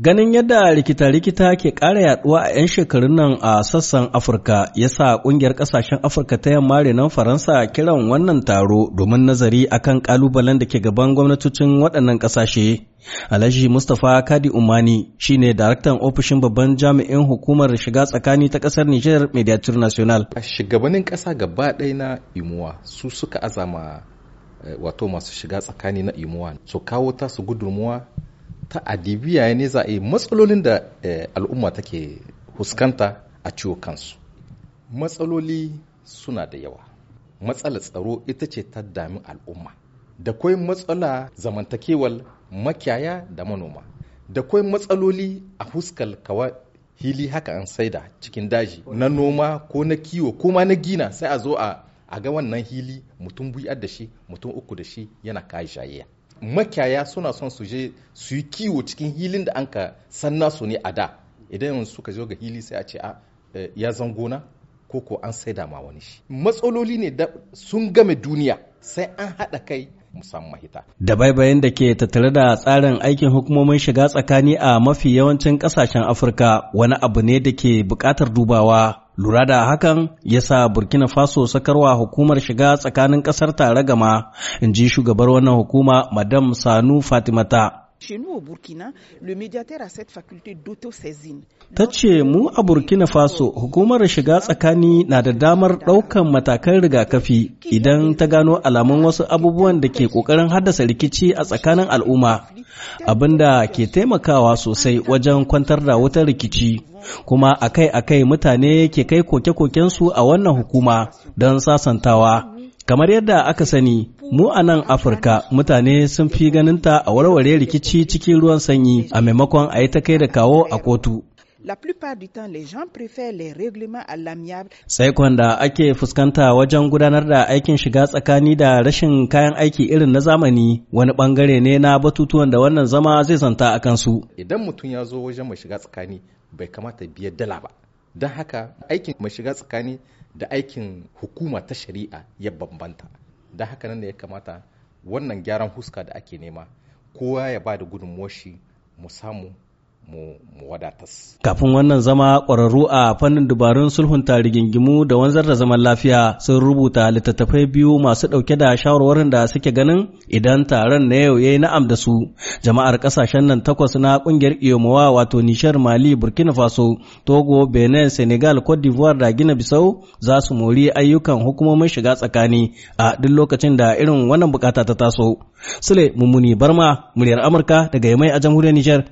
Ganin yadda rikita-rikita ke ƙara yaɗuwa a 'yan shekarun nan a sassan Afirka ya sa ƙungiyar ƙasashen Afirka ta yamma renon Faransa kiran wannan taro domin nazari akan ƙalubalen da ke gaban gwamnatocin waɗannan ƙasashe. Alhaji Mustapha Kadi Umani shi ne daraktan ofishin babban jami'in hukumar shiga tsakani ta ƙasar Nijar Mediatur National. Shugabannin ƙasa gaba ɗaya na imuwa su suka azama eh, wato masu shiga tsakani na imuwa su kawo tasu gudunmuwa ta adibiya ne za a yi matsalolin da eh, al'umma take huskanta a ciwo kansu matsaloli suna da yawa matsalar tsaro ita ce ta dami al'umma da kwai matsala zamantakewal makiyaya da manoma da kwai matsaloli a huskal kawa hili haka an saida cikin daji na noma ko na kiwo ko ma na gina sai a zo a ga wannan hili mutum buyar da shi mutum uku da shi yana kayi shayayya makiyaya suna son su je su yi kiwo cikin hilin da an ka san nasu ne a da idan yanzu suka zo ga hili sai a ce a ah, eh, ya zan gona ko ko an saida ma wani shi matsaloli ne da sun game duniya sai an haɗa kai musamman hita. Da baibayin da ke tattare da tsarin aikin hukumomin shiga tsakani a mafi yawancin ƙasashen Afirka wani abu ne da ke buƙatar dubawa lura da hakan ya sa burkina faso sakarwa hukumar shiga tsakanin ƙasar tare gama in ji shugabar wannan hukuma madam sanu fatimata Ta ce mu a Burkina Faso hukumar shiga tsakani na da damar ɗaukan matakan rigakafi idan ta gano alamun wasu abubuwan da ke ƙoƙarin haddasa rikici a tsakanin al'umma abinda ke taimakawa sosai wajen kwantar da wutar rikici kuma akai-akai mutane ke kai koke-kokensu a wannan hukuma don sasantawa. Kamar yadda aka sani, Mu a nan Afirka mutane sun fi ganinta a warware rikici cikin ruwan sanyi a maimakon a yi ta kai da kawo a kotu. La plupart du temps, les gens préfèrent les règlements à l'amiable. Sai kwanda ake fuskanta wajen gudanar da aikin shiga tsakani da rashin kayan aiki irin na zamani wani bangare ne na batutuwan da wannan zama zai zanta a kansu. Idan mutum ya zo wajen mai shiga tsakani bai kamata biyar dala ba. Don haka aikin mai shiga tsakani da aikin hukuma ta shari'a ya bambanta. da haka nan ne ya kamata wannan gyaran huska da ake nema kowa ya ba da gudunmuwar shi mu samu mu wadatas. Kafin wannan zama ƙwararru a fannin dubarun sulhunta rigingimu da wanzar da zaman lafiya sun rubuta littattafai biyu masu ɗauke da shawarwarin da suke ganin idan taron na yau yayi na'am da su jama'ar ƙasashen nan takwas na ƙungiyar Iyomawa wato Nishar Mali Burkina Faso Togo Benin Senegal Cote d'Ivoire da Gina Bissau za su mori ayyukan hukumomin shiga tsakani a duk lokacin da irin wannan bukata ta taso. Sule Mummuni Barma, muryar Amurka daga Yamai a jamhuriyar Nijar.